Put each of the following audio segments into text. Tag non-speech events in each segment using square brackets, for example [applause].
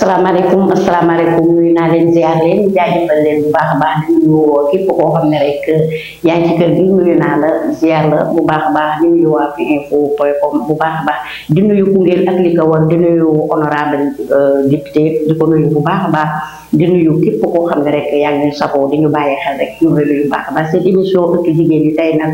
asalaamaaleykum asalaamaaleykum nuyu naa leen ziar leen jaajëfal leen bu baax a baax di nuyu képp xam ne rek bu baax a baax fi info point bu baax a baax di nuyu Koungheul ak li ko nuyu honorable député di ko nuyu bu baax a baax di nuyu képp koo xam ne rek yaa ngi safoo di ñu bàyyi xel rek ñu nuyu baax a baax cette jigéen ñi tey nag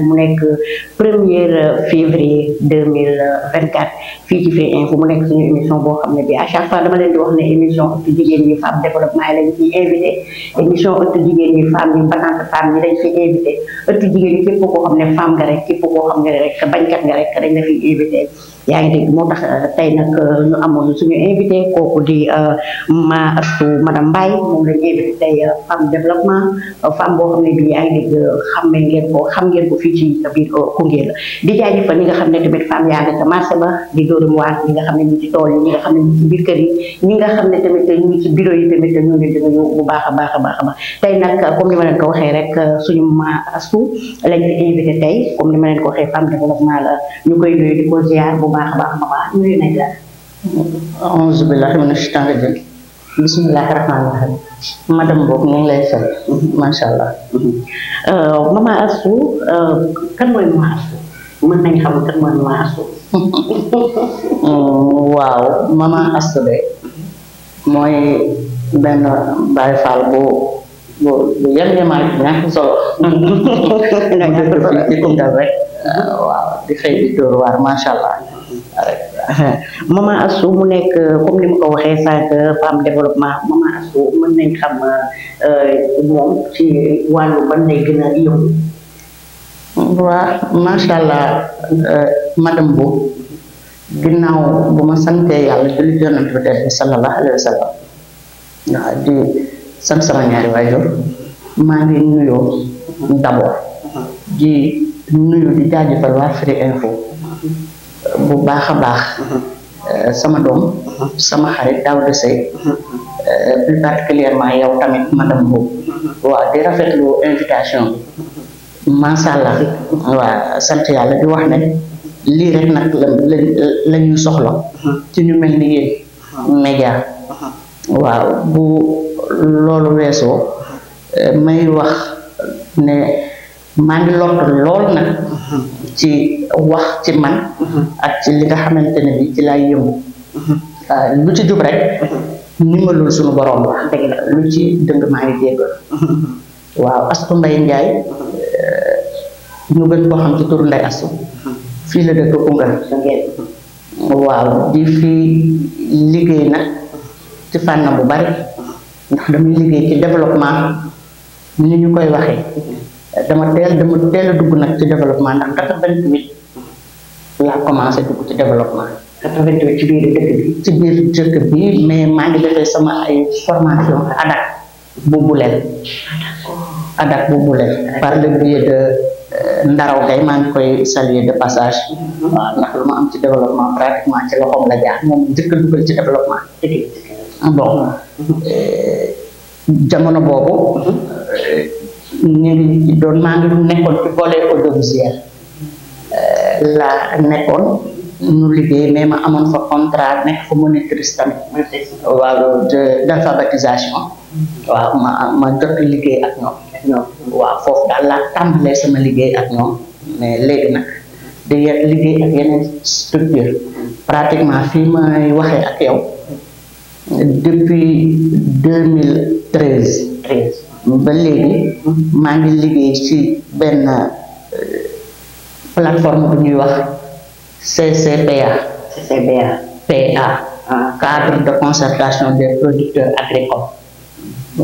fi info mu nekk suñu émission boo xam ne bi à chaque fois dama leen di wax ne émission ëttu jigéen ñi femme développement yi lañ ciy invité émission ëttu jigéen ñi femme yi balance femme yi lañ fi invité ëttu jigéen ñi képp koo xam ne femme nga rek képp koo xam ne rek bañkat nga rek dañ la fiy invité yaa ngi dégg moo tax euh, tay nag euh, ñu amoon suñu invité kooku di euh, ma astu madame Mbaye moom la ñu invité tey femme développement femme xam ne bii yaa ngeen ko xam ngeen ko fii ci biir Koungheul di jaajëfal nga xam ne tamit femme yaa nga ca marché ba di dóorum waar ñi nga xam ne tool yi xam biir kër yi ñi nga xam ne yi tamit ñu bu baax a baax a baax a nag comme ni ma leen ko waxee rek suñu ma astu invité tey comme ni ma leen ko waxee femme développement la ñu koy nuyu di ko ziar Bismillahirrahmanirrahim. Madam mana bob mama asu kan mooy mama asu mën nañ kan mooy mama asu mama asu de mooy benn baay bu bu bu yem yemal ñàkk solo nekk fi ci waaw di xëy di hum maman mu nekk comme ni ma ko waxee sànq femme développement maman Astou mën nañ xam euh, moom ci wàllu ban lay gën euh, bu ma sante yàlla julli yonent bi def sallallahu alayhi wa sallam waaw di sant sama ñaari waajur maa ngi nuyoo d'abord uh-huh. di nuyu di jaajëfal waa Firi Info. bu baax a baax mhm. euh, sama doom mhm. sama xarit daaw de sëy plus particulièrement yow tamit madame boobu mhm. waaw di rafetlu invitation bi macha allah waaw sant yàlla di wax ne lii rek nag la la ci ñu mel ni yéen média waaw bu loolu weesoo euh, may wax ne maa ngi lott lool ci wax ci man uh-huh. ak ci li nga xamante bi ci laay yëngu uh-huh. ah, lu ci jub rek uh-huh. nimalul suñu borom la lu ci dëng ma ngi jéggal waaw asu mbay ndjay ñu gën ko xam ci tour nday asu fi la ko nga waaw di fi liggey na ci fanam bu bari ndax dama liggey ci développement ni ñu koy waxe dama tel dama tel dugg nak ci development ndax 88 la commencé dugg ci development 88 ci biir dëkk bi ci biir dëkk bi mais maa ngi defee sama ay formation adak bu leen adak bu leen par le biais de eh, ndaraw kay maa ngi koy saluer de passage ah, waaw ndax lu ma am ci développement pratiquement ci loxoom la jaar moom njëkk a dugal ci développement bon jamono boobu ñu ngi doon maa ngi nekkoon ci volet audiovisuel euh, la nekkoon ñu liggéey mais ma amoon fa contrat nekk fa monitrice tamit waaw d'alphabétisation waaw ma jot liggéey ak ñoom waaw foofu daal laa tàmbalee sama liggéey ak ñoom mais léegi nag di liggéey ak yeneen structure pratiquement fii may waxee ak yow depuis deux mille treize ba léegi maa ngi liggéey ci benn euh, plateforme bu ñuy wax CCPA. CCPA. PA. Ah. cadre de concertation des producteurs agricoles.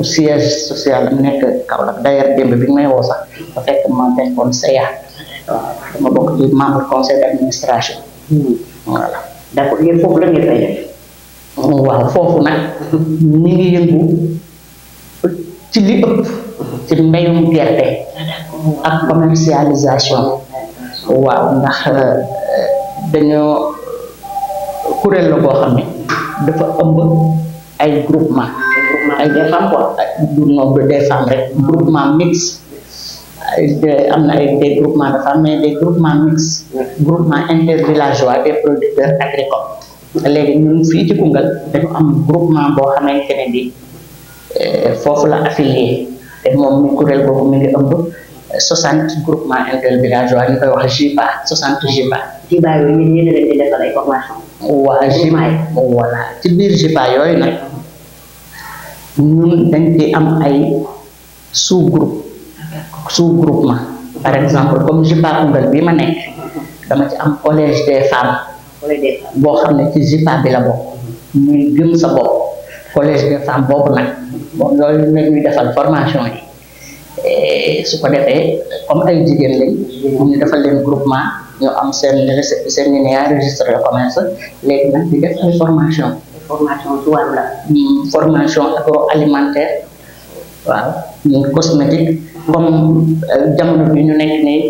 siège social am nekk Kaolack d'ailleurs démb bi may woo sax fekk ma nekkoon conseil d'administration. voilà waaw foofu nag ñu ngi yëngu. ci li ëpp ci mbéyum gerte ak commercialisation waaw ndax euh, dañoo kuréel la boo xam ne dafa ëmb ay groupement ay des femmes quoi des femmes rek groupement mixte am na ay des groupements de femmes mais des groupements mixtes groupement intervillageois producteurs agricoles léegi ñun fii ci Koungheul dañu am groupement boo xam ne bi Eh, foofu la affilié moom mi kuréel boobu mi ngi ëmb soixante groupement inter villageois ñu ci biir JIPA yooyu nag ñun dañ ci am ay sous groupe sous groupement par exemple comme JIPA Koungheul bii ma nekk dama ci am collège des femmes. boo xam ne ci JIPA bi la bokk. gëm sa bopp. collège de femme boobu nag moom loolu la ñuy defal formation yi su ko defee comme ay jigéen lañ ñu defal leen groupement ñu am seen seen linéaire registre de commerce léegi nag di def formation formation ci wàllu hmm, waaw ñun cosmétique comme euh, jamono bi ñu nekk nii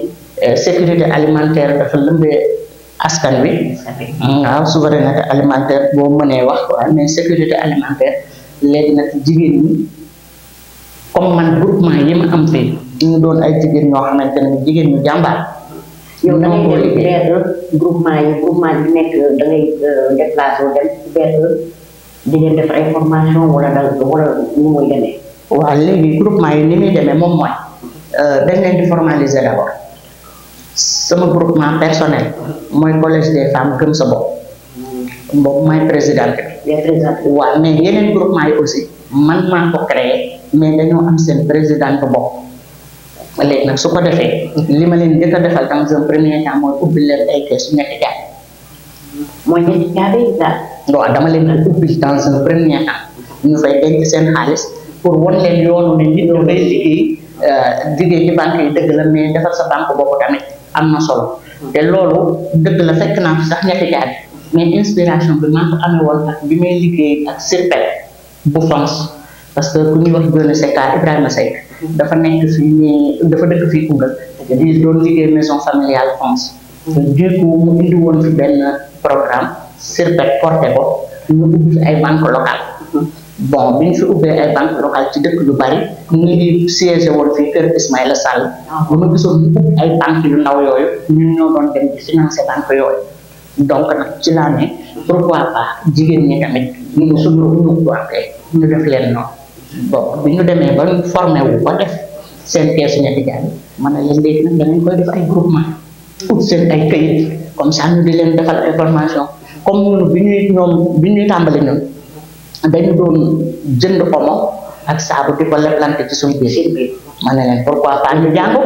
euh, sécurité alimentaire dafa lëmbee askan wi waaw souveraineté alimentaire bo mene wax ko mais sécurité alimentaire léegi nak jigen ni comme man groupement yi ma am fii ñu doon ay jigen ñoo xamante ne jigéen ñu jàmbaar yow da ngay dem leer groupement yi groupement di nek da ngay déplacer dem ci vers di ngeen def ay formation wala dal wala ñu moy demee wa léegi groupement yi ni muy mom moy euh dañ leen di formaliser d'abord sama groupement personnel moy collège des femmes gëm sa bopp bopp mooy présidente bi waaw mais yeneen groupement yi aussi man ma ko créer mais dañu am sen président ko bok léegi nak su ko defee lima ma leen njëkk a defal dans un premier temps moy ubbil leen ay caisse ñetti jaay moy ñetti jaay yi da do dama leen di ubbil dans un premier temps ñu fay denc sen xaliss pour won leen yoonu ne nit ñoo fay liggéey liggéey ci banque yi dëgg la mais defal sa banque bopp tamit am na solo te loolu dëgg la fekk naa fi sax ñetti jaay mais inspiration bi maa ko amee woon ak bi may liggéey ak sirpel bu France parce que ku ñuy wax Dione Seck Ibrahima Seck dafa nekk fii dafa dëkk fii Koungheul di doon liggéey maison familiale France du mu indi fi benn programme sirpel porté ko ñu ubbi ay banque locale bon bi ñu fi ubbee ay banque locale ci dëkk yu bari ñu ngi siégé woon fii kër Ismaïla Sall ah. bu ma gisoon ñu ubbi ay banque yu ndaw yooyu ñun ñoo doon donc nag ci jigéen ñi tamit ñu ngi suñu uñuwaake ñu def leen demee ba formé wu ba def seen pièce ñetti a leen seen ay këyit comme ça ñu di leen defal ñoom bi ñuy tàmbali ñun dañu doon jënd mo ak saabu di yang ci suñu biir bi ma ne pourquoi pas ñu jàng ko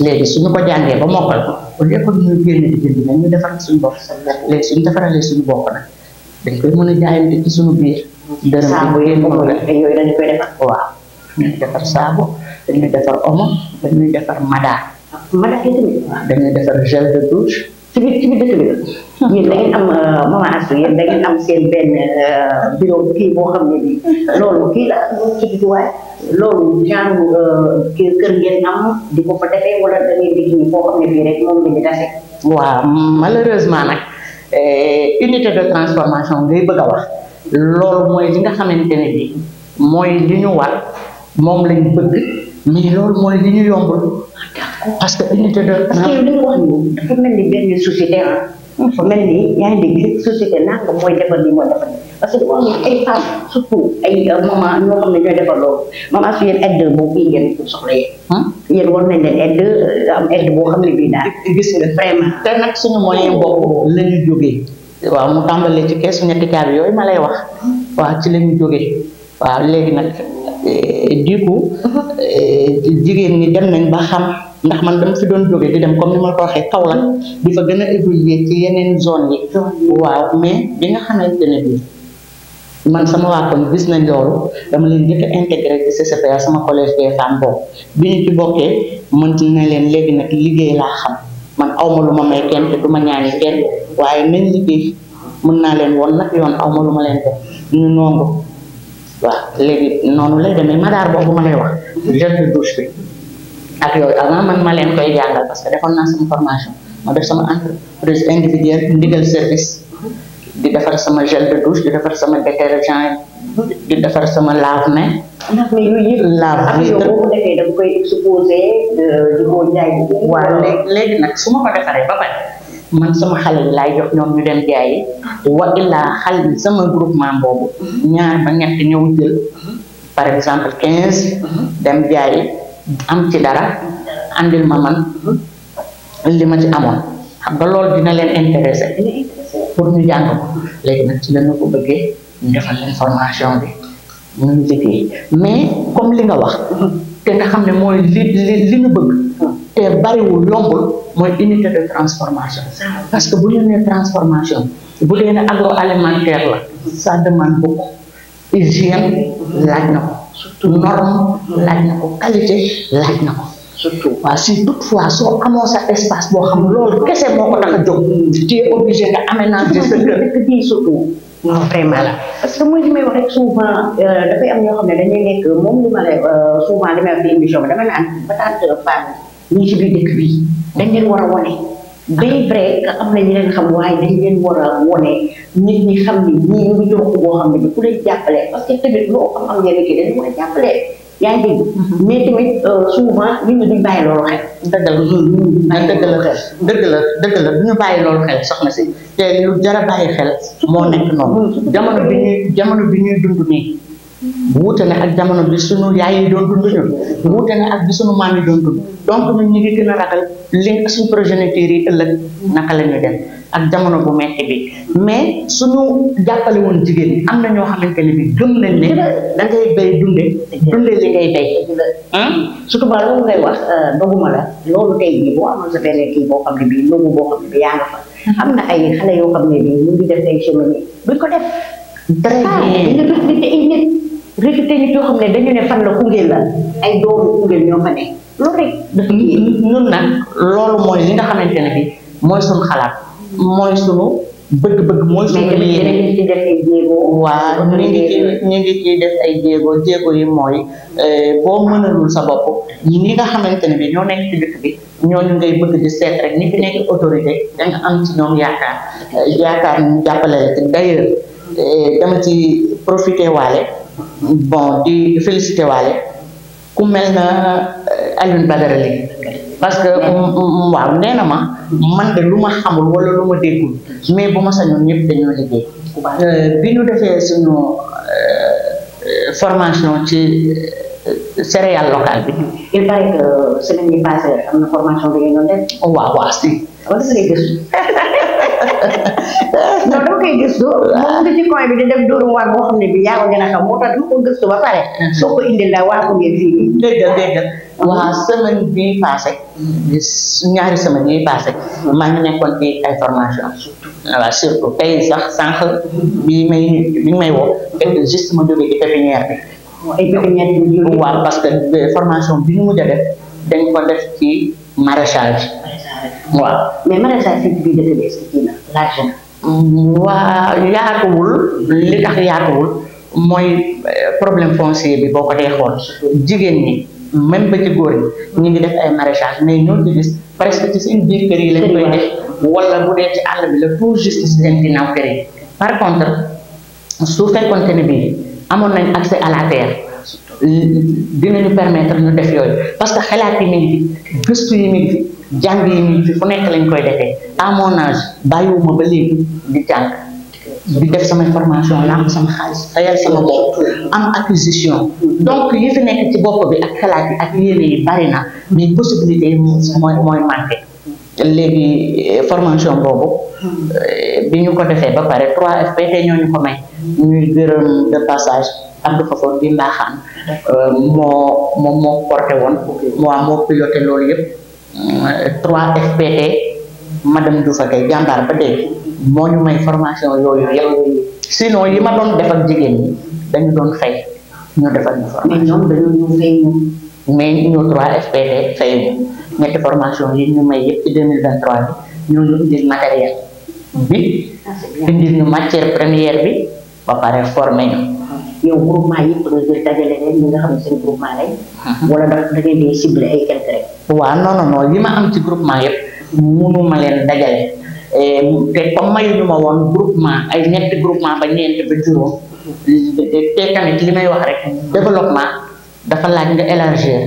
léegi suñu ko jàngee ba mokkal ko au lieu ñu gënë di jënd nag ñu defar suñu bopp sa léegi suñu defaralee suñu bokk nag dañ koy mëna jaayante ci suñu biir dërëm saabu yéen ko la yoy dañ koy defar waaw dañuy saabu dañuy défar omo dañuy defar madaar mada yi tamit waaw dañuy gel de douche ci biir ci biir dëkk bi la. Ah. am euh, maman Astou yéen am seen benn euh, kii boo xam ne bii loolu kii la ci judduwaay loolu genre euh, kër kër am di ko fa defee wala da ngeen di xam ne bii rek moom la ñu dase. waaw malheureusement nag eh, unité de transformation ngay bëgg wax loolu mooy li nga xamante ne bii mooy li ñu war moom lañ bëgg mais loolu mooy li yombul. parce que ini to pas ke ini yow li nga wax susi dafa mel ni benn société ah dafa mel ni yaa ngi dégg Pas nangam mooy defal li mooy defal parce que dama am ay femmes surtout ay maman ñoo yang ne ñooy defal loolu maman su am aide boo xam ne bii daal gis nga vraiment Eh, du coup eh, jigéen ñi dem nañ ba xam ndax man dama fi doon jóge di dem comme ni ma ko waxee Kaolack di fa gën évoluer ci yeneen zone yi waaw mais bi nga xamante ne man sama waa koñ gis nañ loolu dama leen njëkk a intégré ci CCPA sama collège des femmes boobu bi ñu ci man mën na leen léegi nag liggéey laa xam man aw ma may kenn te du ñaani kenn waaye nañ liggéey mën naa leen woon nag yoon leen ñu waaw léegi noonu lay demee madaar boobu ma lay wax jël di douche bi avant man ma leen koy jàngal parce que defoon naa sama formation ma def sama entreprise individuelle ndigal service di defar sama gel de douche di defar sama détergent di defar sama lave-main ndax mais yooyu yëpp laab bi boo ko defee da nga koy euh, di ko jaay waaw léegi léegi nag su ma ko defaree ba pare man sama xale yi laay jox ñoom ñu dem jaayi wa illaa xale sama groupement boobu ñaar ba ñett ñëw jël par exemple quinze dem jaayi am ci dara andil ma man li ma ci amoon xam nga loolu dina leen intéressé pour ñu jàng ko léegi nag ci lañu ko bëggee ñu defal leen formation bi ñu mais comme li nga wax te nga xam ne mooy li li li ñu bëgg te bariwul yombul mooy unité de transformation parce que bu ñu nee transformation bu dee ne agroalimentaire la ça demande beaucoup hygiène laaj na ko surtout norme laaj na ko qualité laaj na ko surtout waaw si toutefois soo amoo sa espace boo xam loolu kese moo ko tax a jóg tu nga aménager sa surtout non vraiment parce que mooy li may souvent euh, dafay am ñoo xam ne dañuy nekk moom li ma la euh, souvent li may wax ci émission bi dama naan ba taat ñii ci biir dëkk bi dañ leen war a wane bien vrai que am na ñu leen xam waaye dañ leen war a wane nit ñi xam ni ñii ñu ngi jox boo xam ne ku leen jàppale parce que tamit loo am am ñeneen ki dañ war a jàppale yaa ngi dégg mhm. mais tamit euh, bàyyi loolu xel. la mhm. dëgg la dëgg la dëgg la soxna si te lu jar a bàyyi xel moo nekk noonu mhm. jamono bi ñuy jamono bi wuute na ak jamono bi sunu yaay yi doon dund ñun wuute na ak bi sunu maam yi doon dund donc ñun ñu ngi gën a ragal li suñu progéniture ëllëg naka la dem ak jamono bu metti bi mais suñu jàppale woon jigéen ñi am na ñoo xamante ne bi gëm nañ ne da ngay bay dunde dunde li ngay bay surtout ba loolu ngay wax euh, doguma la loolu tey jii boo amoon sa benn kii boo xam ne bi yaa nga na yoo xam ko def très yoo xam ne dañu ne fan la la ay doomu Koungheul loolu dafa kii mooy li nga xamante ne bi mooy suñu xalaat mooy suñu bëgg-bëgg def ay jéego waa ñu ngi jéego yi mooy euh, boo mënalul sa bopp ñi nga xamante ne bi ñoo nekk ci dëkk bi ñooñu ngay bëgg di seet rek ñi nga am ci yaakaar euh, yaakaar ñu jàppale Eh, dama ci profité bon di félicité waale ku mel na eh, Alioune Badara parce que waaw nee ma man de lu ma xamul wala lu ma déggul mais bu ma sañoon ñëpp dañoo liggéey euh, bi ñu defee suñu euh, formation ci euh, céréale locale bi. il paraît que semaine yi am na formation bi ngeen doon oh, waaw waaw si. [laughs] [laughs] non dama koy gëstu. waaw mu di def dóorum waar boo xam ne bi yaa ko gën a xam moo tax du ko gëstu ba pare. Mm-hmm. soo ko indil la waa ko ngeen fii mm-hmm. mm-hmm. ñaari semaine yi passé. maa ngi nekkoon ci ay formation surtout tey sax sànq bi may bi may woo fekk juste ma jógee ci pépinière bi. ay pépinière bi parce que euh, formation bi ñu def dañ ko ci maraîchage. waaw laaj waa yaatuwul li tax yaatuwul mooy eh, problème foncier bi boo ko dee xool jigéen ñi même ba ci ñi ñu ngi def ay maraîchage mais ñoo ci gis presque ci seen biir kër yi lañ koy def wala bu dee ci àll bi la tout juste ci seen ginnaaw kër yi par contre su fekkoonte ne amoon nañ accès à la terre dinañu permettre ñu def yooyu parce que xalaat gëstu yi mi jàng yi nii fu nekk lañ koy defee à mon âge bàyyiwuma ba léegi di jàng di def samay formation la am sama xaalis fayal sama bopp am acquisition donc yi nekk ci bopp bi ak xalaat yi ak yéene na mais possibilité yi mooy mooy léegi eh, formation boobu eh, bi ñu ko defee ba pare 3FPT ñoo ñu ko may ñuy gërëm de passage Abdou Fafoor bi mbaaxaan euh, moo moom moo porté woon moo moo loolu yëpp 3 FPT madame Doufa Gueye jàmbaar ba dee moo ñu may formation yooyu yëpp sinon yi ma doon defal jigéen ñi dañu doon fay ñu defal ñu formation. ñoom dañoo ñu fay ñu. mais ñu 3 FPT fay ñu ñetti formation yi ñu may yëpp ci 2023 bi ñoo ñu indil matériel bi. Ah, indil ñu matière première bi. ba pare formé ñu. yow groupement yëpp nga jël dajale leen ñi nga xam ne da da ngeen li ma am ci groupement yëpp ma leen ma woon groupement ay ñetti groupement ba ñeenti ba juróom. wax rek développement dafa laaj nga élargir.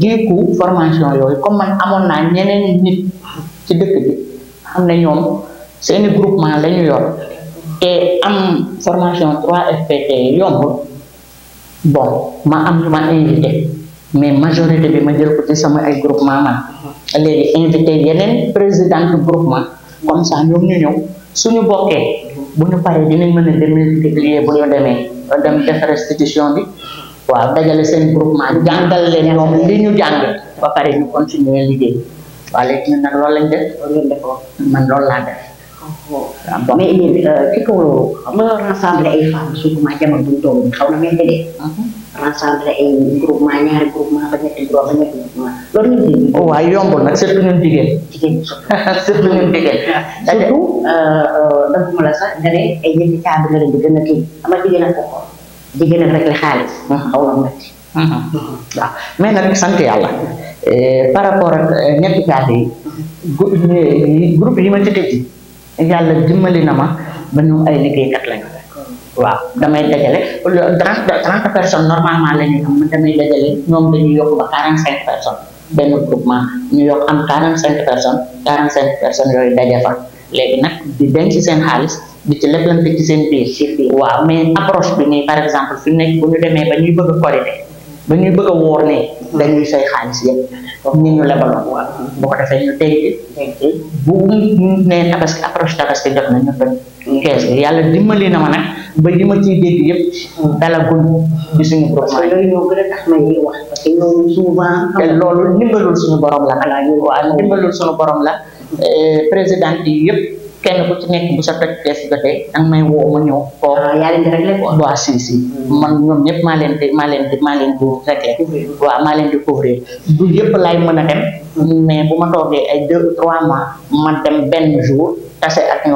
géeku formation yooyu comme naa ñeneen dëkk bi xam ne ñoom seeni groupement la ñu te am formation 3FPT yomb bon ma am ma invité mais majorité bi ma jël ko ci sama ay groupement man légui invité yenen président du groupement comme ça ñom ñu ñew suñu bokké bu ñu paree dinañ mëna dem multiplier bu ñu demee dem def restitution bi waaw dajale seen groupement jangal leen ñom li ñu jang ba paré ñu continuer liggéey wa légui ñu nak loolu lañ def man loolu la def mais ci kaw xam nga rassembler ay na rek la sant yàlla par rapport ñetti caabi groupe yi ma ci yàlla dimbali na ma ba ñu ay liggéeykat lañu waaw damay dajale trente trente personnes normalement la am damay dajale ñoom dañuy yokk ba quarante cinq personnes benn groupement ñu yokk am quarante cinq personnes yooyu daje fa léegi nag di denc seen xaalis di ci lëkkante ci seen biir. waaw mais approche bi nii par exemple fi nekk bu ñu demee ba ñuy bëgg a ba ñuy bëgg a wóor ne dañuy fay xaalis yëpp donc ñun ñu lebaloon waaw ko defee ñu denc denc bu ne tabaski approche tabaski jot na ñu toj kees bi yàlla dimbali na ma nag ba li ma ciy dégg yëpp dalagul ci suñu borom parce que loolu ñoo gën a tax ma ñuy wax parce que loolu souvent te loolu ndimbalul suñu borom la xanaa ñu waaw ndimbalul suñu borom la euh, président yi yëpp kenn ku ci nekk bu sa toj kees jotee danga may woo ma ñëw. koo ah, hmm. man ñoom ñëpp maa leen leen di leen du yëpp mën a dem. Hmm. mais bu ma ay deux ou trois mois ma dem benn hmm.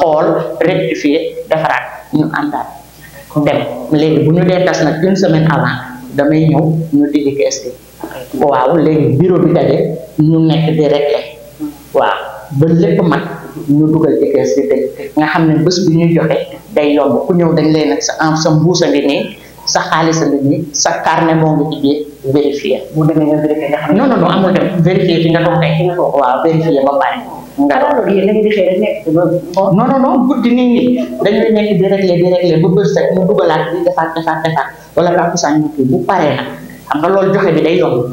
xool rectifier defaraat ñu àndaat. dem léegi bu ñu dee tas nag une semaine avant waaw léegi bureau bi daje ñu nekk di réglé. waaw ba lépp mat. ñu dugal ci kees bi teg nga xam ne bés bi ñuy joxe day yomb ku ñëw dañ leen nag sa en sa a sa xaalis a sa carnet moo ngi ci biir vérifier. bu demee nga vérifier nga xam ne non non non amul dem vérifier nga toog kay. waaw vérifier ba pare. nga ah, doon yéen da ngeen di xëy mu dugalaat di defaat defaat defaat wala kaa kusaan ñu kii bu paree nag xam nga loolu joxe bi day yomb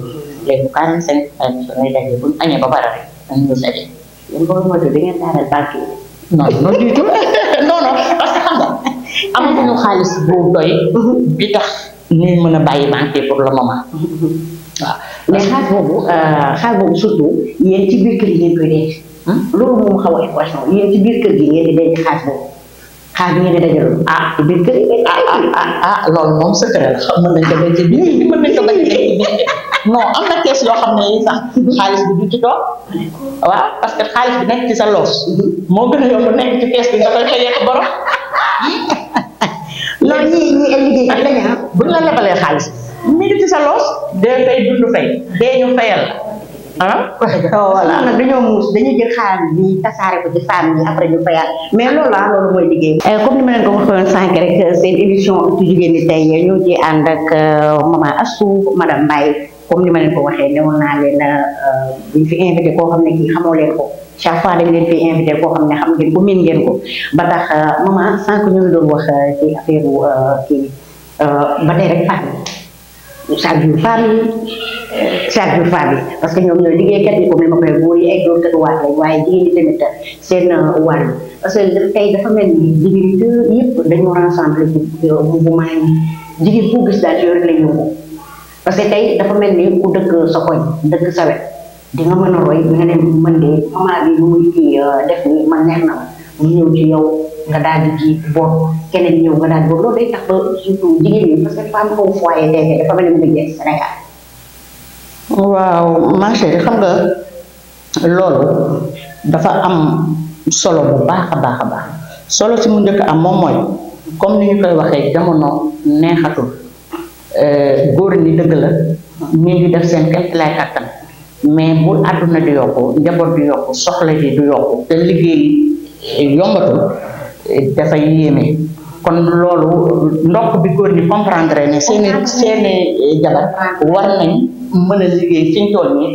léegi bu 45 ay nit ñi dañuy daje bu ñu añee ba pare rek yéen boobu moto bi ngeen daaneel banque yi. non non du tout [laughs] non [laughs] xaalis boobu doy. Mhm. bi tax ñuy mën a bàyyi banque yi pour le moment. Mhm, mhm. waaw mais xaalis boobu euh, xaalis boobu surtout yéen ci biir kër hmm? ci denc xaalis boobu xaalis ngeen di dajale ah biir ah ah ah loolu moom secret la nañ ko denc biir [laughs] mën am na kees yoo xam ne yi sax xaalis bi du ci waaw parce que xaalis bi nekk ci sa loos moo gën a yomb nekk ci kees bi bu [laughs] ñu la lebalee xaalis mi sa loos dee fay dund fay dee ñu fayal la ah voilà nag dañoo muus dañuy jël xaalis bi tasaare ko ci femme après ñu fayaat mais loolu ah loolu mooy liggéey comme ni ma leen ko waxoon sànq rek jigéen ñi ànd ak maman Astou madame Mbaye comme ni ma leen naa leen buñ fi koo xam ne kii xamoo leen chaque fois dañ leen fi invité koo xam ne xam ngeen ko miin ngeen ko ba tax maman sànq ñu ngi doon wax ci affaire kii ba tey rek femme yi saa yu femme chaque jour femme yi parce que ñoom ñooy liggéeykat yi ko même koy góor yi ay góor kat waat lañ waaye jigéen ñi tamit seen wàll parce que tey dafa mel ni jigéen yi yëpp dañoo rassemble ci mouvement yi jigéen boo gis daal yore la yóbbu parce que tey dafa mel ni ku dëkk sa koñ dëkk sa wet di nga mën a roy nga ne mën de moment bi lu muy kii def ni man neex na mu ñëw ci yow nga daal di ji boot keneen ñëw nga daal di boot loolu day tax ba surtout jigéen ñi parce que femme au foyer tey dafa mel ni mu ngi jeex Sénégal waaw ma chérie xam nga loolu dafa am solo bu baax a baax a baax solo si mu njëkk am moom mooy comme ni ñu koy waxee jamono neexatul euh, góor ñi dëgg la ñu def seen kéem lay kàttan mais bu àdduna di yokku njaboot di yokku soxla yi di yokku te liggéey yombatul dafay yéeme kon loolu ndokk bi góor ñi comprendre ne seeni seeni jabar war nañ mën a liggéey fi ñu toll nii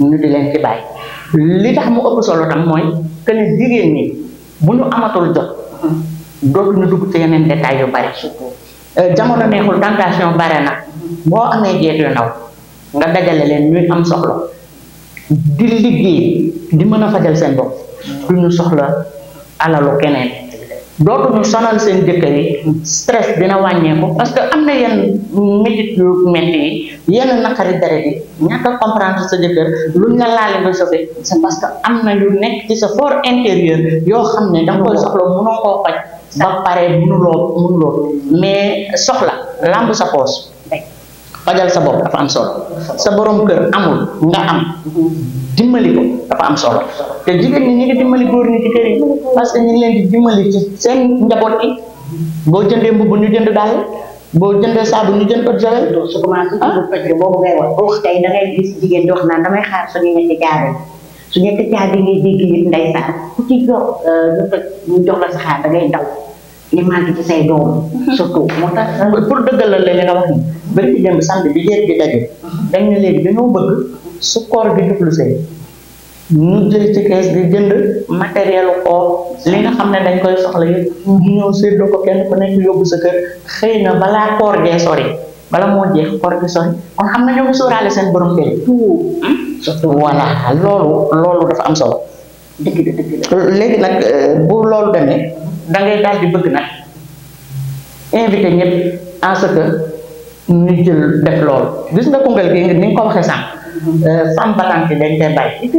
ñu di leen ci bàyyi li tax mu ëpp solo tam mooy que ne jigéen bu ñu amatul jot dootuñu dugg ci yeneen détails yu bari euh, jamono neexul tentation bare na boo amee jeet yu ndaw nga dajale leen ñuy am soxla di liggéey di mën a fajal seen bopp duñu soxla alalu keneen dootuñu sonal seen jëkkër yi stress dina wàññeeku parce que am na yenn métit yu metti yi yenn naqari deret yi ñàkk a comprendre sa jëkkër luñ la laale nga sofe c'est parce que am na yu nekk ci sa fort intérieur yoo xam ne da nga koy soxla mënoo koo faj ba pare mënuloo mënuloo mais soxla làmb sa poos fajal sa bopp dafa am solo sa borom keur amul nga am dimbali ko dafa am solo te ya, jigéen ñi ñu ngi dimbali goor ni ci keur yi parce que ñu ngi leen di dimbali ci seen njabot yi boo jëndee mbubb ñu jënd daal boo jëndee saabu ñu jënd ko do su commencé bu fajj boobu ngay wax wax tey da ngay gis jigen di wax naan damay xaar su suñu ñetti jaar su ñetti jaar di ngay dégg nit ndeysaan ku ci jox ñu jox la sa xaar da ngay daw lima ti say dong suku mata pur pour lele la li nga wax ni di dem sànd bi jeet bi di dañ ne léegi dañoo bëgg su koor bi jublu see ñu jël ci kees bi jënd matériel koor li nga xam dañ koy soxla yëpp ñu ko kenn ku nekk yóbbu sa kër na balaa koor sori bala mo jeex kor gi sori on xam na ñoo ngi sóoraale seen borom kër tout wala lolo loolu dafa am solo dëgg la dëgg la léegi nag euh, bu loolu demee da ngay daal di bëgg nag invité ñëpp en ce que ñu jël def loolu gis nga Koungheul gi ni nga ko waxee sànq. Euh, femme dañ koy bàyyi.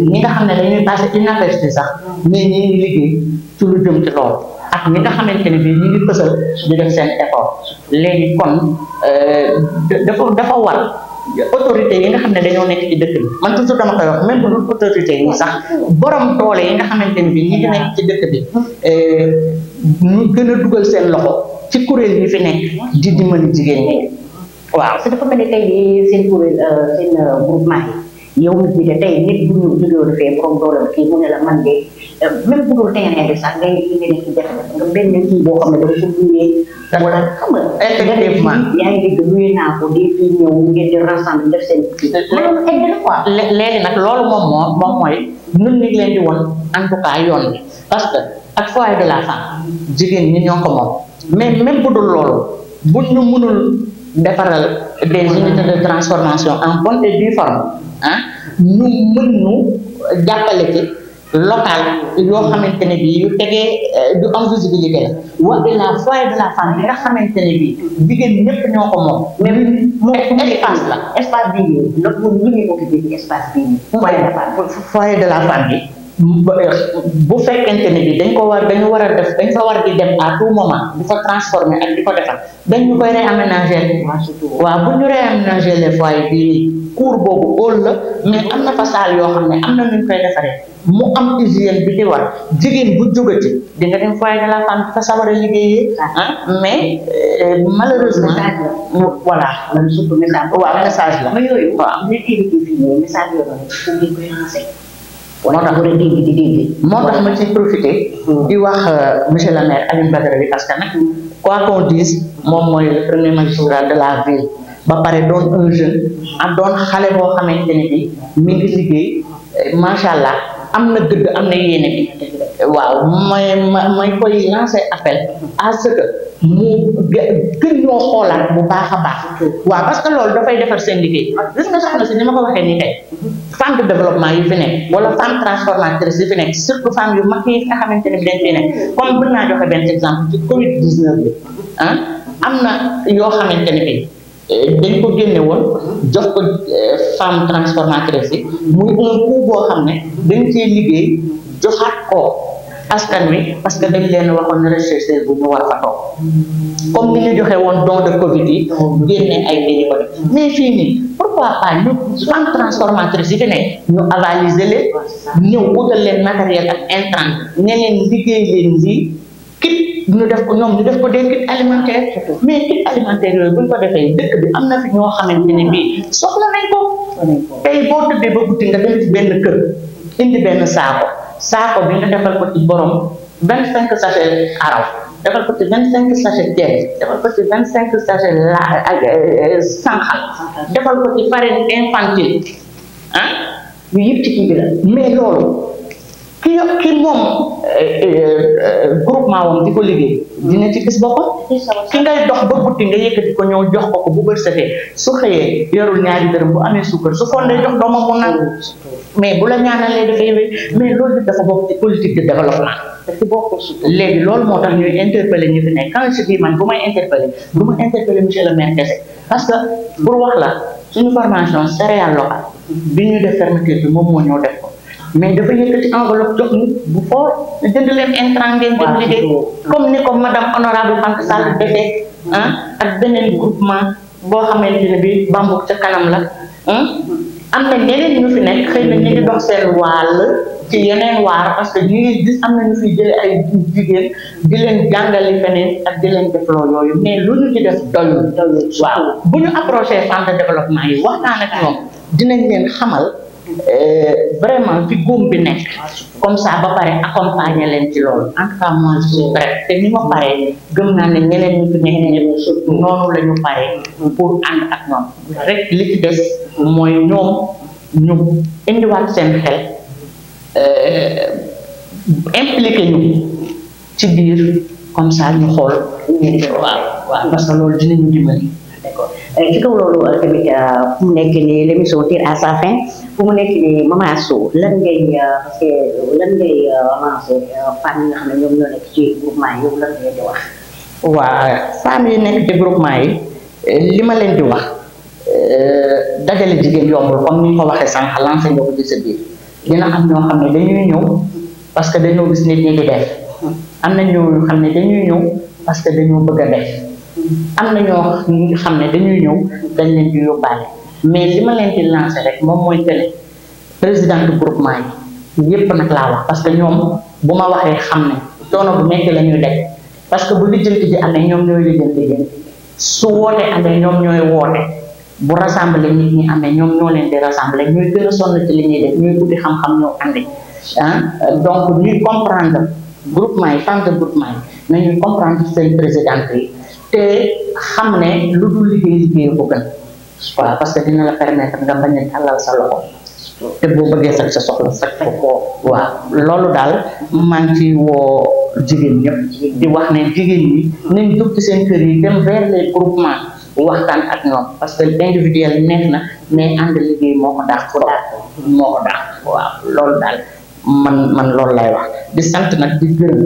ñi nga xam ne dañuy passé université sax mais ñi ngi liggéey ci lu jëm ci loolu ak ñi nga xamante ne bii ñi ngi fësal di def seen effort léegi kon euh, dafa dafa war. autorité yi nga xam ne dañoo nekk ci dëkk bi man toujours dama koy wax même bu dul autorité yi sax borom toole yi nga xamante bi ñi ngi nekk ci dëkk bi eh, ñu gën a dugal seen loxo ci kuréel yi fi nekk di dimbali jigéen ñi waaw. parce que dafa mel ni tey jii seen kuréel euh, euh, groupement yi. yow mi jiite tey nit bu ñu jógewoon fee borom ne la man de même bu dul terrain bi sax ngay ngay def ci jafe-jafe boo xam ne da nga ko luyee. xam nga. effectivement yaa ngi dégg luyee naa ko nag loolu moom moom mooy ñun ñu ngi leen di won en yoon bi parce que ak foyer de la femme jigéen ñi ñoo ko moom mais bu dul loolu buñ ñu mënul. defaral des unités de transformation en bonne et due forme ah ñu mën ñu jàppale ci local yoo xamante ne bii yu tegee euh, du am visibilité la wax de la foyer de la femme bi nga xamante ne bii jigéen ñëpp ñoo ko moom même moom espace la espace bii nii la ñu ngi occupé ci espace bii nii foyer de la femme bi bu fekkente ne bi dañ ko war dañu war a def dañ fa war di dem a tout moment di fa transformer ak di ko defal dañ ñu koy réaménager waaw bu ñu réaménager les foyers bii nii cour boobu óol la mais am na fa salle yoo xam ne am na nu ñu koy defaree mu am hygiène bi di war jigéen bu jógati di nga dem foyer de la femme fa sawar a liggéeyee ah mais euh, malheureusement voilà waaw message la moo tax moo tax ma ci profité di wax euh, monsieur le maire Alioune Badara parce que nag quoi qu'on dise moom mooy le premier magistrat de la ville ba pare doon un jeune ak doon xale boo xamante ne bi mi ngi euh, allah amna gëdd amna na iya. yéene bi waaw may may koy lancer appel à ce que mu gën ñoo xoolaat bu baax a baax waaw parce que loolu dafay defar seen liggéey gis nga soxna si ni ma ko waxee nii kay femme de développement yi fi nekk ya. wala femme transformatrice ya. yi fi nekk surtout femme yu mag yi nga xamante ne dañ fi nekk comme mën naa joxe benn exemple ci covid 19 bi ah am na yoo xamante ne bi dañ ko génne woon jox ko eh, femme transformatrice yi muy un coup boo xam ne dañ cee liggéey joxaat ko askan wi parce que dañ leen waxoon ne bu ñu war fa toog comme ni ñu joxe woon don de Covid yi génne ay dañu ko def mais fii nii pourquoi pas ñu femme transformatrice yi fi ne ñu avaliser leen ñëw wutal leen matériel ak intrant ne leen liggéey leen lii kit ñu def ko ñoom ñu def ko des kits alimentaires mais kit alimentaire yooyu bu ñu ko defee dëkk bi am na fi ñoo xamante ne bii soxla nañ ko tey boo tëddee ba guddi nga dem benn kër indi benn saako saako bi nga defal ko ci borom vingt cinq sachet araw defal ko ci vingt cinq sachet ceeb defal ko ci vingt cinq sachet la defal ko ci farine infantile ah yu yëpp ci kii bi la mais loolu ki yo ki moom eh, eh, eh, groupement wam di ko liggéey dina ci gis boppam ki ngay dox ba guddi nga yëkkati ko ñëw jox ko ko bu bër setee su xëyee yorul ñaari dërëm bu amee suukar su fondee jox doomam mu naan mais bu la ñaanalee dafay wéy mais loolu dafa bokk ci politique de développement léegi loolu moo tax ñuy interpeller ñu fi nekk quand je dis man bu may interpeller du ma interpeller monsieur le maire kese parce que pour wax la suñu formation céréale locale bi ñuy def fermeture bi moom moo ñoo def ko mais dafa yëkkati enveloppe jox ñu bu fort jënd leen intrant ngeen dem liggéey comme ni ko madame honorable Fanta Sall defee ah ak beneen groupement boo xamante ne bi Bambouk ca kanam la am na ñeneen ñu fi nekk xëy na dox seen wàll ci yeneen waar parce que ñu am na ñu fi jëlee ay jigéen di leen jàngali feneen ak di leen defloo yooyu mais lu ñu ci def doyul doyul waaw bu ñu approché centre de développement yi waxtaan ak ñoom dinañ leen xamal Eh, vraiment fi góom bi nekk comme ça ba pare accompagner leen ci lool en tout cas moi je te ni ma paree gëm naa ne ñeneen ñi fi nekk ñëpp surtout noonu la ñu paree pour ànd ak ñoom rek li ci des mooy ñoom ñu indiwaat seen xel eh, impliqué ñu ci biir comme ça ñu xool waaw waaw parce que loolu dinañu dimbali d'accord Eh, ci kaw loolu euh, tamit euh, fu mu nekk nii l'émission tire à sa fin fu mu nekk nii Mama Sow lan ngay euh, parce yi nga yi li ma leen di wax dajale jigéen yombul comme ni ñu ko waxee sànq lancé nga ko ci sa biir dina xam ne dañuy ñëw parce que dañoo gis nit ñi di def am na ñoo xam ne dañuy ñëw parce dañoo bëgg a def. am na ñoo xam ne dañuy ñëw dañ leen di yóbbaale mais li ma leen di lancer rek moom mooy que président groupement yi yépp nag laa wax parce que ñoom bu ma waxee xam ne coono bu metti la ñuy parce que bu lijjanti ji amee ñoom ñoom ñooy woote bu rassembler amee ñoo leen di rassembler ñuy gën a ci li ñuy def ñuy uti xam-xam ñoo andi ah donc ñuy comprendre groupement yi tant que groupement yi nañuy comprendre seen président yi. té xamné ne lu dul liggéey liggéey ko gën waaw parce que dina la permettre nga bañ talal sa loxo té bo bëggé sax sa soxla sax ko ko waaw loolu daal maa ngi ciy jigéen ñep di wax né jigéen ñi nañ jóg ci seen kër yi dem vers les groupements waxtaan ak ñoom parce que l'individuel neex na mais ànd liggéey dax ko dàq moko ko wa lolu dal man man lolu lay wax di sant nak di gërëm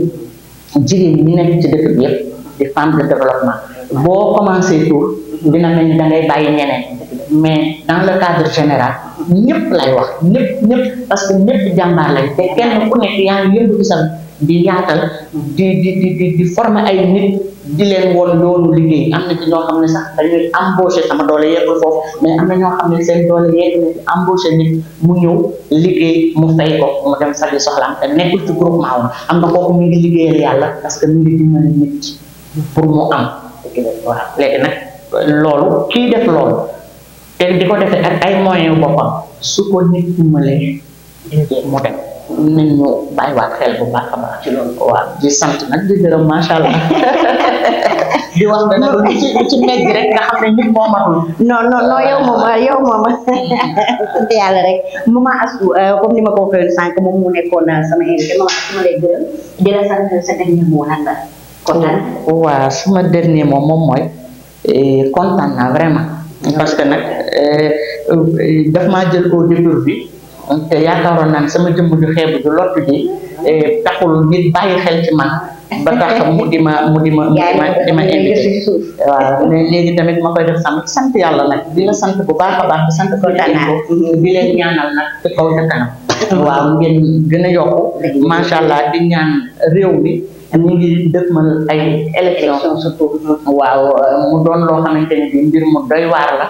jigéen ñi nekk ci dëkk bi yépp di femme de développement boo commencé tuur dina mel ni da ngay bàyyi ñeneen mais dans le cadre général ñëpp lay wax ñëpp ñëpp parce que ñëpp jàmbaar lañ te kenn ku nekk yaa ngi yëngu sa di yaatal di di di di ay nit di leen woon loolu liggéey am na ñoo xam ne sax dañuy embauché sama doole yeggul foofu mais am na ñoo xam ne seen doole yegg na ci nit mu ñëw liggéey mu fay ko mu dem faji soxlaam nekkul ci groupement am na kooku mu ngi liggéeyal pour mu am waaw léegi nag loolu kii def loolu te di ko defee ak ay moyens boppam su ko nit dimbalee indee mu dem nañ ñu bàyyiwaat xel bu baax a baax ci loolu waaw di sant nag di gërëm macha allah di wax dana lu ci ci nekk rek nga xam nit mo matul non non non yow moom yow moom sant yàlla rek mama asu comme ni ma ko waxee sànq moom mu nekkoon sama invité mama asu ma lay gërëm di la sant sa dernier mot mo la ouais suma dernier moom moom mooy content eh, na vraiment parce que nak euh daf ma jël au bi te yaakaaroon nan sama jëmm ju xeebu ju lottu ji eh, taxul nit bayyi xel ci man ba tax mu di ma mu di ma di ma di invité waaw mais léegi tamit ma koy def sama sant yalla nak di la sant bu baax baax di sant ko di len ñaanal nak ci kaw ta kanam [laughs] waaw ngeen gëna a yokk macha allah di ñaan rew mi ñu ngi dëgmal ay élection surtout waaw mu doon loo xamante ne mbir mu doy waar la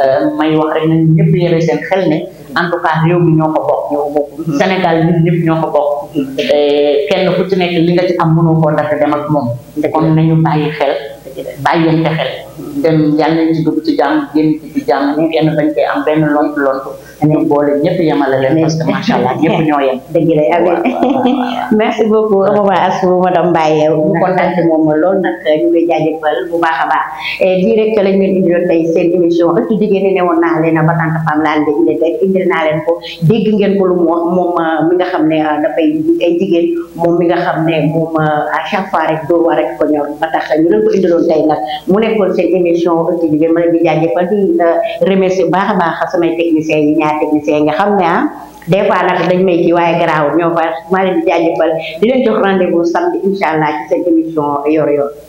euh, may wax rek nañ ñëpp yore seen xel ne en tout cas réew ñoo ko bokk mm-hmm. Sénégal nit ñëpp ñoo ko bokk mm-hmm. euh, kenn ku ci nekk li nga ci am mënoo koo dagg dem ak moom kon nañu bàyyi xel bàyyante xel dem yàlla nañ ci dugg ci jàmm génn ci ci jàmm ñu kenn bañ koy am ben lont lont ñu boole ñepp ñëpp la leen parce que ma sha allah ñepp [laughs] ñoo yam deug lay amé merci beaucoup Mama Astou madame Mbaye bu kontaan ci mom lool nak ñu ngi jaajëfal bu baaxa ba et lii rek lañ indi indiloon tey seen émission ëttu jigéen ñi newoon naa leen ba tànk fam laa leen indi tey indi na leen ko dégg ngeen ko lu mu wax mi nga xam ne dafay ay jigéen moom mi nga xamné ne moom à chaque fois rek do war rek ko ñor ba tax ñu leen ko indi indiloon tay nak mu nekkoon seen émission aussi di gën a di jaajëfal euh, remercier bu baax a baax samay techniciens yi ñaar techniciens nga xam ne ah des fois nag dañ may ci waaye garaawul ñoo fa maa leen di jaajëfal di leen jox rendez-vous samedi incha allah ci seen émission yor-yor.